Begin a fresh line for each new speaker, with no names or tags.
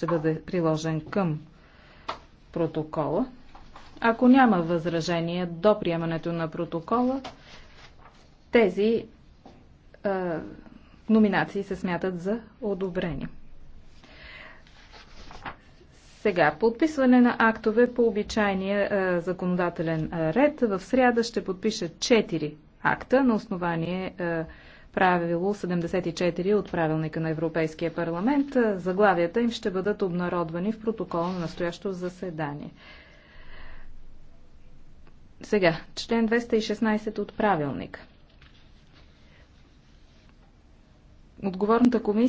ще бъде приложен към протокола. Ако няма възражение до приемането на протокола, тези е, номинации се смятат за одобрени. Сега, подписване на актове по обичайния е, законодателен ред. В сряда ще подпиша 4 акта на основание е, правило 74 от правилника на Европейския парламент. Заглавията им ще бъдат обнародвани в протокол на настоящо заседание. Сега, член 216 от правилник.
Отговорната комисия